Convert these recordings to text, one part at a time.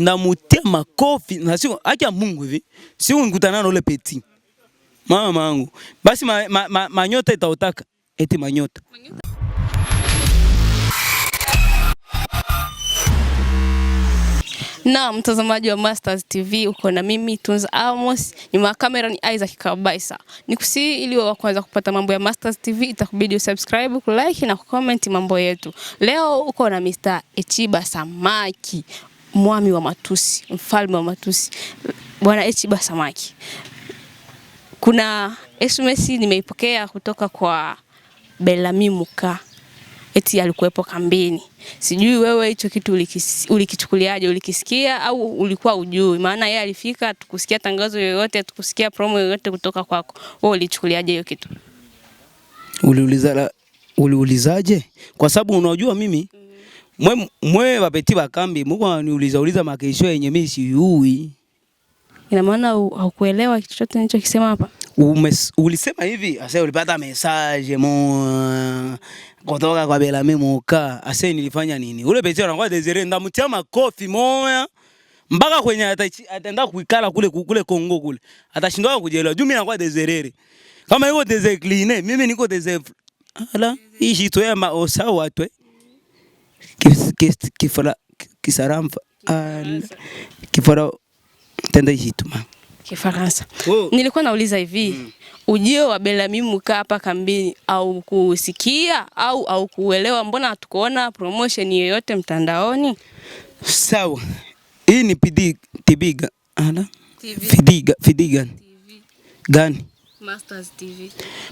na mutia makofi na sio haki ya Mungu hivi. Si ungutana na ole peti. Mama mangu. Basi ma, ma, ma, manyota itaotaka. Eti manyota. Manyota. Na mtazamaji wa Mastaz TV uko na mimi Tunza Amos, nyuma ya kamera ni Isaac Kabaisa. Nikusii ili wa kwanza kupata mambo ya Mastaz TV itakubidi usubscribe, kulike na kucomment mambo yetu. Leo uko na Mr. Echiba Samaki mwami wa matusi, mfalme wa matusi, Bwana Echiba Samaki. Kuna SMS nimeipokea kutoka kwa Belami Muka eti alikuwepo kambini. Sijui wewe hicho kitu ulikichukuliaje, ulikisikia au ulikuwa ujui? Maana yeye alifika, tukusikia tangazo yoyote, tukusikia promo yoyote kutoka kwako. Wewe ulichukuliaje hiyo kitu? Uliuliza uliulizaje? Kwa sababu unajua mimi mm mwe mwe wapeti wa kambi Mungu aniuliza uliza makesho yenye mimi siyui. Ina maana haukuelewa kitu chote nilichokisema hapa? Ulisema hivi, ase, ulipata message mo kutoka kwa Bela Memoka. ase, nilifanya nini? Ule beti anakuwa Desire ndamutia makofi moya mpaka kwenye ataenda kuikala kule kule Kongo kule. Atashindwa kujielewa. Juu mimi nakuwa Desire. Kama yuko Desire clean, mimi niko Desire. Ala, hii shito ya maosa watu. Eh. Kifaransa. Nilikuwa nauliza hivi mm. Ujio wa Belami Mkaa hapa kambini au kusikia au au kuelewa, mbona hatukuona promotion yoyote mtandaoni? Sawa, hii ni pidi, tibiga ala fidiga fidiga gani Masters TV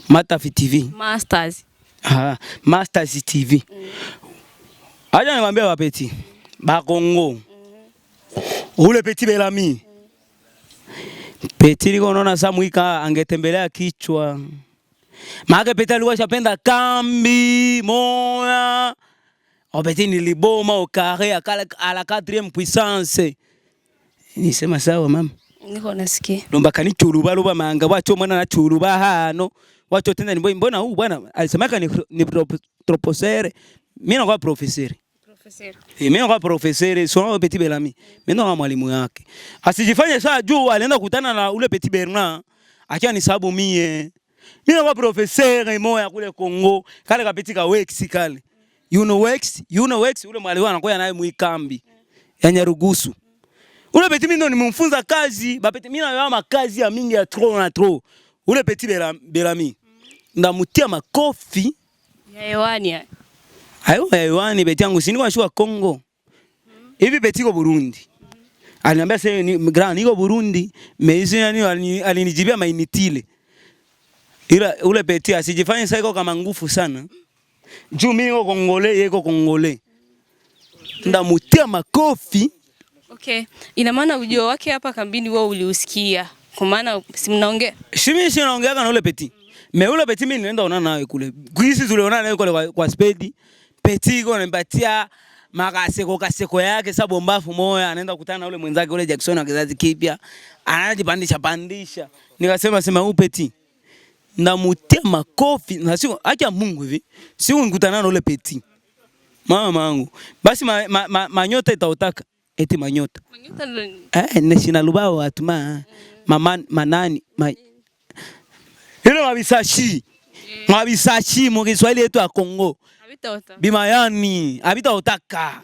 Matafi TV Masters ha Masters TV mm. Acha niwaambie bapeti bakongo mm -hmm. Ule Peti Belami mm -hmm. Peti liko naona mwika angetembelea kichwa maake, Peti alikuwa shapenda kambi moya peti niliboma okare akala a la quatrième puissance. Nisema sawa mama. Niko nasikia. Lomba kani churuba luba manga wacho mwana na churuba hano. Wacho tena ni mbona huu bwana alisemaka ni, ni, mimi nakuwa professeur professeur eh, mimi nakuwa professeur sio Petit Belami, mimi ndo mwalimu yake. Asijifanye saa juu alienda kukutana na ule Petit Bernard akiwa ni sababu mie mimi nakuwa professeur moya kule Kongo kale kapeti ka wex kale you know wex you know wex, ule mwalimu anakuwa naye mwikambi ya Nyarugusu ule Petit mimi ndo nimemfunza kazi bapeti mimi nayo makazi ya mingi ya trop na trop ule Petit Belami ndamutia makofi ya hewani Ayo ya eh, hewani beti yangu si niko nashua Kongo. Hivi beti iko Burundi. Aliniambia sasa ni grand niko Burundi, meizi nani alinijibia mainitile. Ila ule beti asijifanye sasa iko kama ngufu sana. Juu mimi niko Kongole, yeko Kongole. Ndamutia makofi. Okay. Ina maana ujio wake hapa kambini wewe uliusikia. Kwa maana si mnaongea. Shimi si naongea na ule beti. Me ule beti mimi nilienda onana naye kule. Kwisi tulionana naye kule kwa, kwa spedi. Petiko ananipatia makaseko kaseko yake sababu mbafu moyo anaenda kukutana na ule mwenzake ule Jackson wa kizazi kipya. Anajipandisha pandisha. Nikasema sema huyu Peti. Ndamutia makofi na sio acha Mungu hivi. Si nikutana na ule Peti. Mama mangu. Basi ma, ma, ma, manyota itautaka. Eti manyota. Manyota eh, ni sina lubao watu ma. Mama manani ma. Hilo mabisashi. Mabisashi eh. mu Kiswahili yetu ya Kongo. Bima bimayani abitaotaka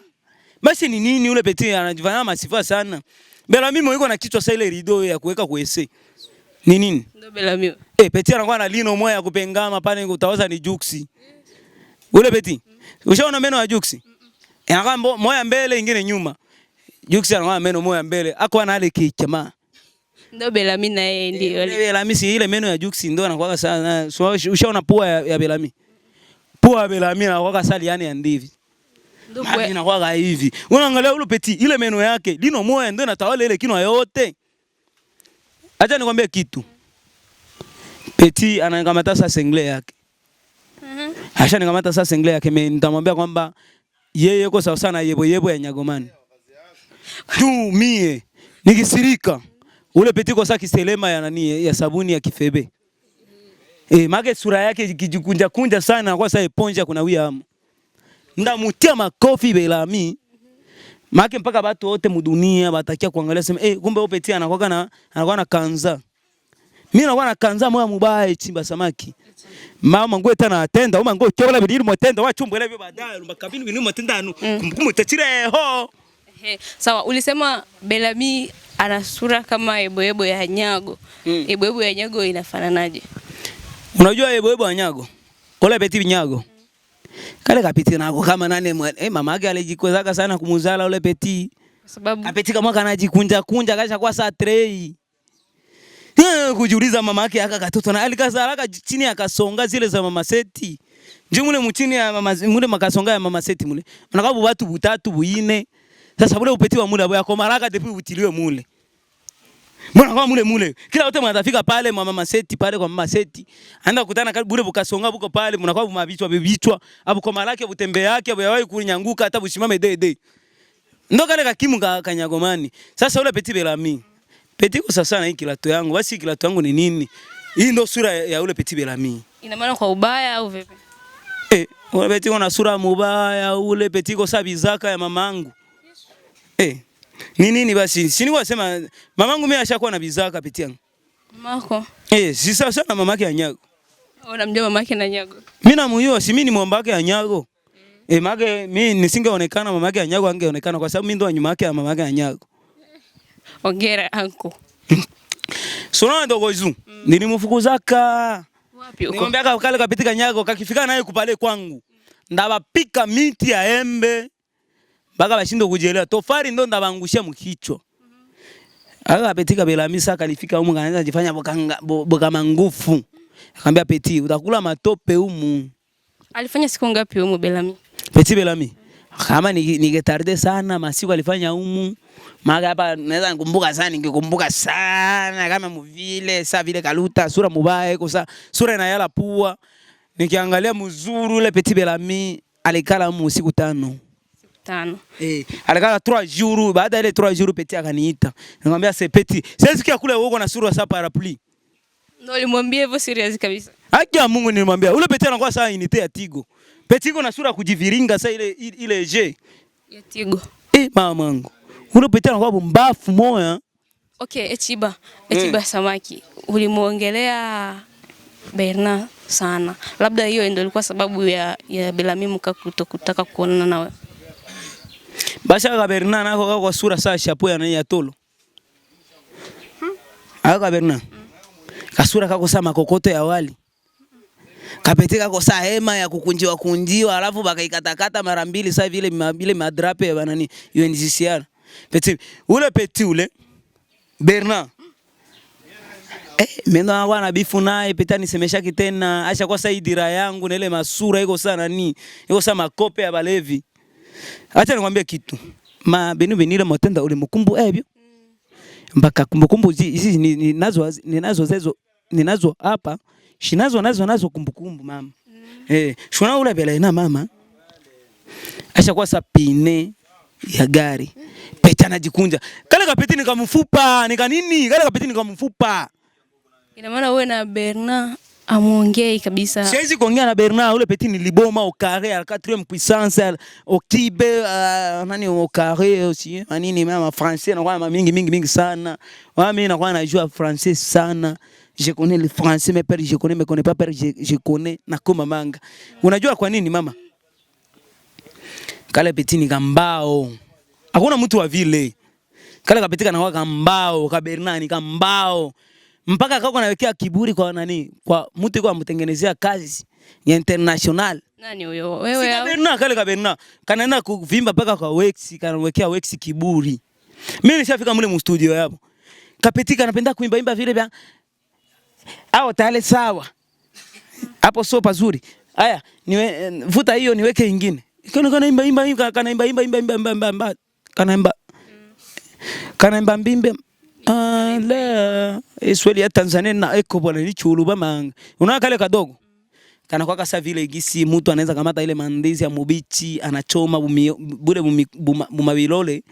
basi ni nini? Ule peti anajifanya masifa sana. Belami moiko na kichwa sasa, ile rido ya kuweka kuese ni nini? Ndio Belami eh, peti anakuwa na lino moja ya kupengama pale, utawaza ni juksi ule peti. Ushaona meno ya juksi? Eh, anakuwa moja mbele, ingine nyuma. Juksi anakuwa meno moja mbele, Akuwa na ile kichama ndio Belami na yeye ndio. Ile eh, Belami si ile meno ya juksi ndio anakuwa sana. Ushaona pua ya Belami? Poa Belami na kwa sali yani ndivi. Ndugu inakuwa hivi. Unaangalia ule peti ile meno yake, lino moya ndio natawala ile kino yote. Acha nikwambie kitu. Peti anakamata sasa single yake. Mhm. Acha nikamata sasa single yake, mimi nitamwambia kwamba yeye yuko sawa sana yebo yebo ya Nyagomani. Tu mie nikisirika. Ule peti kwa sasa kiselema ya nani ya sabuni ya kifebe. E, make sura yake kijikunja kunja sana kwa sababu ponja kuna wia hamu. Ndamutia makofi Belami. Make mpaka watu wote mudunia batakia kuangalia sema eh, kumbe Opetia anakuwa na anakuwa na kanza. Mimi nakuwa na kanza moya mubaya chimba samaki. Mama ngwe tena atenda, uma ngwe kyola wa chumbo wachumbwele byo badala mbakabini binu mutenda anu. tachire ho. He, sawa ulisema Belami ana sura kama eboebo ya Nyago. Mm. Eboebo ya Nyago inafananaje? Unajua yebo yebo anyago. Ole beti binyago. Kale kapiti nako kama nane eh, mama yake alijikwezaga sana kumuzala ule peti. Kwa sababu kapeti kama kanajikunja kunja kasha kwa saa trei. Eh, kujiuliza mama yake aka katoto na alikazalaka chini akasonga zile za mama seti. Ndio mule mchini ya mama mule makasonga ya mama seti mule. Unakabu watu butatu buine. Sasa mule upeti wa mule abo kwa maraka depi utiliwe mule. Mbona mule mule. Kila wote mnatafika pale mwa mama seti pale kwa mama seti. Anaenda kukutana karibu bure bukasonga buko pale mnakuwa bumabichwa bibichwa. Abu kwa malaki abu tembe yake abu yawahi kunyanguka hata busimame dei dei. Ndo kale kakimu ka kanyagomani. Sasa ule Petit Belami. Petit kwa sasa na hii kilato yangu. Basi kilato yangu ni nini? Hii ndo sura ya ule Petit Belami. Ina maana kwa ubaya au vipi? Eh, ule Petit kwa sura mubaya ule Petit kwa sabizaka ya mamangu. Eh. Ni nini basi? Si niwasema mamangu mimi ashakuwa na bidhaa kapitia. Mamako? Eh, si sawa na mamake Anyago. Oh, unamjua mamake na Anyago? Mimi namjua, si mimi ni mwambake Anyago. Eh, mamake mimi nisingeonekana mamake Anyago angeonekana kwa sababu mimi ndo nyuma yake ya mamake Anyago. Ongera anko. Sura ndo goizu. Mm. Nilimfukuzaka. Wapi huko? Nikamwambia kale kapitika Anyago kakifika naye kupale kwangu. Ndaba pika miti ya embe mpaka bashindo kujelewa Tofari ndo ndabangushia mkichwa. Aka Betika misa akanifika humu kanaanza jifanya boka boka mangufu. Akamwambia Peti, utakula matope humu. Alifanya siku ngapi humu Belami? Peti Belami. Kama ningetarde ni sana masiku alifanya humu. Maga hapa naweza nikumbuka sana ningekumbuka sana kama muvile sa vile kaluta sura mubaya iko sura inayala pua. Nikiangalia mzuri ule Peti Belami alikala humu siku tano tano. Eh, alikaa 3 jours baada ile 3 jours Peti akaniita. Nikamwambia sepeti, sasa sikia kule uko na sura sasa parapli. Ndio nilimwambia hivyo serious kabisa. Haki ya Mungu nilimwambia. Ule Peti anakuwa saa inite ya Tigo. Peti iko na sura kujiviringa sasa ile ile je. Ya Tigo. Eh, mama Ule Peti anakuwa mbafu moya. Eh. Okay, Echiba. Echiba mm. Samaki. Ulimuongelea Berna sana. Labda hiyo ndio ilikuwa sababu ya ya Belami mkakutokutaka kuonana nawe. Basi akaberna nako kwa sura saa shapo ya nani ya tolo. Akaberna. Kasura kako saa makokoto ya wali. Kapete kako saa hema ya kukunjiwa kunjiwa alafu bakaikatakata mara mbili saa vile mabile madrape ya nani UNCCR. Peti ule peti ule Bernard Eh, mimi na wana bifu naye pita nisemeshaki tena acha kwa saidira yangu na ile masura iko sana nani? Iko sana makope ya balevi. Acha nikwambie kitu. Ma binu binira motenda uli mukumbu ebyo. Mpaka kumbukumbu hizi ninazo ninazo zezo ninazo hapa. Shinazo nazo nazo kumbukumbu mama. Mm. Eh, shona ule bela ina mama. Acha kwa sapine ya gari. Peta jikunja. Kale kapeti nikamfupa, nika nini? Kale kapeti nikamfupa. Ina maana wewe na Bernard Amuongei kabisa. Siwezi kuongea na Bernard ule peti niliboma au carré à quatrième puissance au tibe ah, nani au carré aussi. Manini mama français na kwa mingi mingi mingi sana. Mimi na kwa najua français sana. Je connais le français mais père je connais mais connais pas père je, je connais na koma manga. Unajua kwa nini mama? Kale peti ni kambao. Hakuna mtu wa vile. Kale kapetika na kwa kambao, ka Bernard ni kambao mpaka kako nawekea kiburi kwa nani, kwa mtu kwa mtengenezea kazi ya international. Nani huyo wewe? Au Berna kale Kabena kanaenda kuvimba mpaka kwa Wex, kanawekea Wex kiburi. Mimi nishafika mule mu studio hapo, kapetika anapenda kuimba imba vile vya au tale sawa hapo, sio pazuri. Haya, niwe vuta hiyo niweke nyingine. Kana kana imba imba imba kana imba imba imba imba imba kana imba kana imba mm. mbimbe ala Swahili ya Tanzania na eko bwana ni chulu ba mang. Unaona kale kadogo. Kana kwa kasa vile gisi mtu anaweza kamata ile mandizi ya mubichi anachoma bure bumabilole.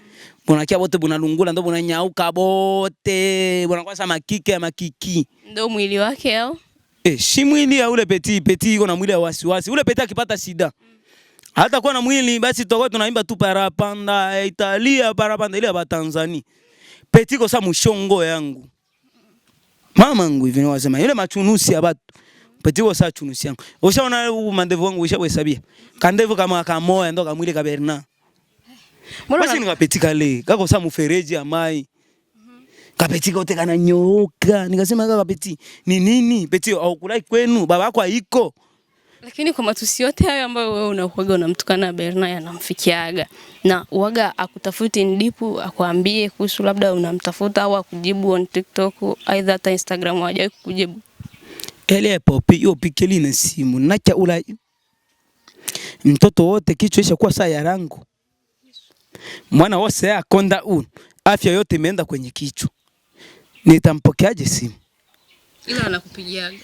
Bwana kia bote buna bunalungula ndo bunanyauka bote. Bwana kwa sama kike makiki. Ndo mwili wake yao. Eh, si mwili ya ule peti peti iko na mwili ya wasiwasi. Ule peti akipata shida. Hata kuwa na mwili basi tutakuwa tunaimba tu parapanda Italia parapanda ile ya Tanzania petiko sa mushongo yangu mama ngu hivi wasema ile machunusi ya batu petiko sa chunusi yangu. Ushaona huko mandevu wangu ushabwesabia kandevu kama kamoya ndo kamwili ka Bernard basi nikapetika le kako sa mufereji ya kapeti kote kananyooka, nikasema kaka peti ni nini? Peti au kulai kwenu babako aiko lakini kwa matusi yote hayo ambayo wewe unakuaga unamtukana Berna anamfikiaga na uaga akutafuti ndipu akwambie kuhusu labda unamtafuta au akujibu on TikTok aidha hata Instagram hajawahi kukujibu. yo pikeli na simu nacha ula mtoto wote kichwa isha kuwa saa ya rangu mwana wose konda u afya yote imeenda kwenye kichwa, nitampokeaje simu? Ila anakupigiaga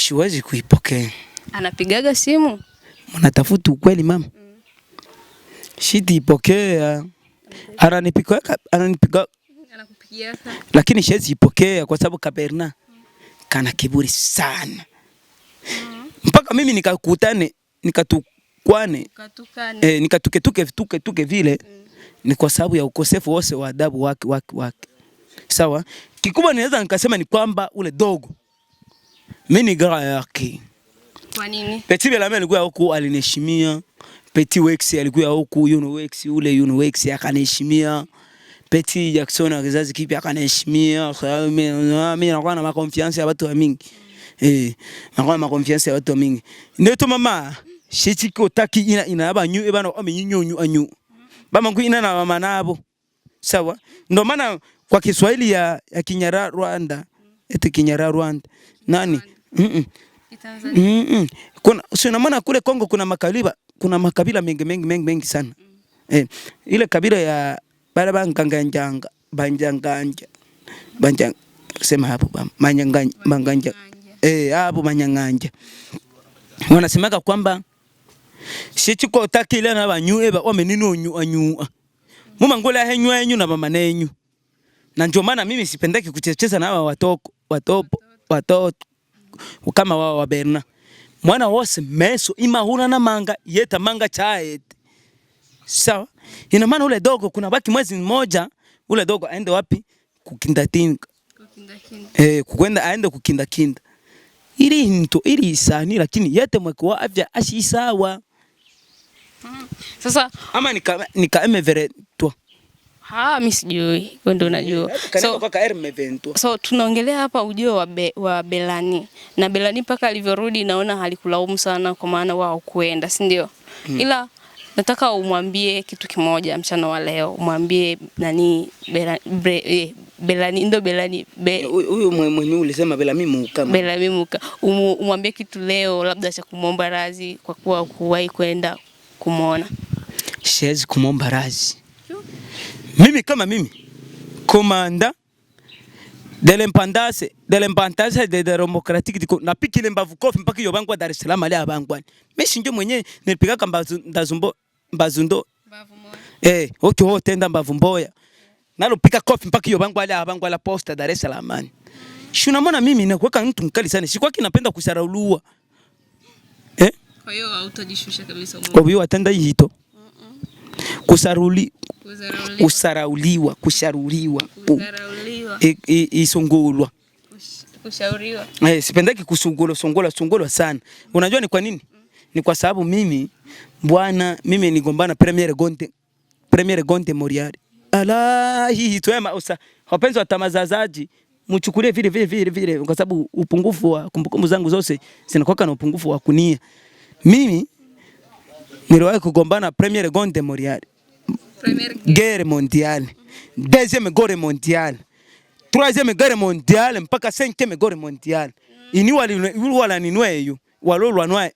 siwezi kuipokea. Anapigaga simu, mnatafuta ukweli mama, mm. Sitipokea, ananipiga ananipiga, anakupigia lakini siwezi ipokea kwa sababu Kaberna mm. kana kiburi sana mm. mpaka mimi nikakutane nikatukwane eh, nikatuketuke tuke tuke vile mm. ni kwa sababu ya ukosefu wose wa adabu wake wake wake. Sawa, kikubwa naweza nikasema ni kwamba ule dogo mimi ni gara yake. Kwa nini? Peti Belame alikuwa huku aliniheshimia. Peti Wex alikuwa huku, Yuno Wex ule Yuno Wex akaniheshimia. Peti Jackson wa kizazi kipya akaniheshimia. Mimi nakuwa na makonfiansi ya watu wa mingi. Eh, nakuwa na makonfiansi ya watu wa mingi. Ndio tu mama, shiti kotaki ina ina ba nyu ebano eh, amenyinyo nyu anyu. Ba mangu ina na mama nabo. Sawa? Ndio maana kwa Kiswahili ya, ya Kinyarwanda eti Kinyarwanda nani Mm -mm. Mm -mm. Kuna sio maana kule Kongo kuna makabila, kuna makabila mengi mengi mengi mengi sana. Mm. Eh, ile kabila ya Barabanganjanga, Banjanganja. Banjang sema hapo ba Manyanganja, Manganja. Eh, hapo Manyanganja. Wanasemaka kwamba shichiko takile na banyue ba wamenini onyu anyu. Mm. Mumangula henyu henyu na mama nenyu. Na ndio maana mimi sipendeki kuchecheza na hawa watoko, watopo, watoto kama wao wa Berna mwana wose meso imahura na manga yeta manga chae sawa. Ina maana ule dogo kuna baki mwezi mmoja, ule dogo aende wapi? Kukinda tinga eh, kukwenda aende kukinda kinda ili into ili isani, lakini yete mwekuwa afya ashi sawa. Hmm. Sasa ama nika nika emevere Ah, mimi sijui. Wewe ndio unajua. So, so tunaongelea hapa ujio wa, be, wa Belani na Belani mpaka alivyorudi naona halikulaumu sana kwa maana wao kuenda, si ndio? Hmm. Ila nataka umwambie kitu kimoja mchana wa leo, umwambie nani Belani, eh, Belani ndo Belani huyu be, mwenye ulisema Belami Muka. Belami Muka. Umwambie kitu leo labda cha kumwomba razi kwa kuwa kuwahi kwenda kumwona. Siwezi kumwomba radhi. Mimi kama mimi komanda de l'indépendance de l'indépendance de de démocratique diko na piki le mbavu kofi mpaka yo bangwa Dar es Salaam ali abangwani. Mimi shinjo mwenye nilipiga kamba ndazumbo mbazundo mbavu moya. Eh, okay ho tenda mbavu mboya. Nalo pika kofi mpaka yo bangwa ali abangwa la posta Dar es Salaam. shuna unamwona mimi na kuweka mtu mkali sana. Si kwaki napenda kusaraulua. Eh? Kwa hiyo hautajishusha kabisa. Kwa hiyo atenda hii hito. Kusaruli kusarauliwa kusharuliwa isungulwa kushauriwa. Eh, sipendeki kusungulwa sungulwa sungulwa sana. Unajua ni kwa nini? Ni kwa sababu mimi bwana, mimi nigombana Premier gonte Premier gonte moriari ala hii twema usa. Wapenzi wa tamazazaji mchukulie vile vile vile vile, kwa sababu upungufu wa kumbukumbu zangu zose zinakuwa na upungufu wa kunia. Mimi niliwahi kugombana Premier gonte moriari Première guerre, mondiale. Mm -hmm. Deuxième guerre mondiale. Troisième guerre mondiale mpaka cinquième guerre mondiale. Mm. Ini wali wala ninwe hiyo. Walolwa nwae.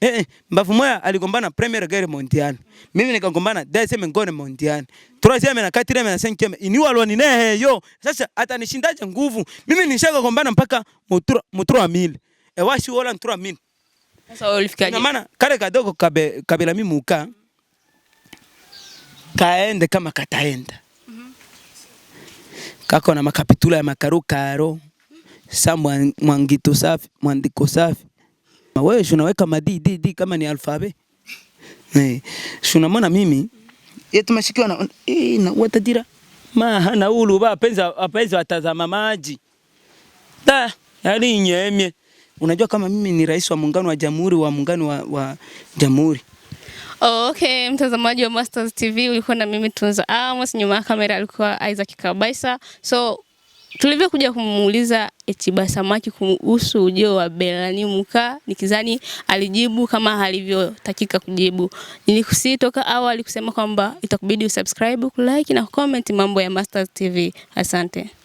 Eh, eh, moya aligombana première guerre mondiale. Mimi nikagombana deuxième guerre mondiale. Troisième na quatrième na cinquième. Ini walwa nine hiyo. Sasa atanishindaje nguvu? Mimi nishaka gombana mpaka motura motura mil. E eh, wala motura mil. Sasa ulifikaje? Kwa maana kale kadogo kabe kabela mimi muka kaende kama kataenda kako na makapitula ya karo sa mwangito safi mwandiko safi wewe unaweka madidd kama ni alfabe eh, shunamona mimi mashikio na eh, na watadira ma hana ulu ba penza apenza watazama maji ta yali nyemye. Unajua kama mimi ni rais wa muungano wa jamhuri wa muungano wa, wa jamhuri Oh, okay, mtazamaji wa Masters TV ulikuwa na mimi Tunza Amos, nyuma ya kamera alikuwa Isaac Kabaisa. So tulivyokuja kumuuliza Etiba Samaki kuhusu ujio wa Belani Muka, nikizani alijibu kama alivyotakika kujibu. Nilikusi toka awali kusema kwamba itakubidi usubscribe, kulike na kucomment mambo ya Masters TV. Asante.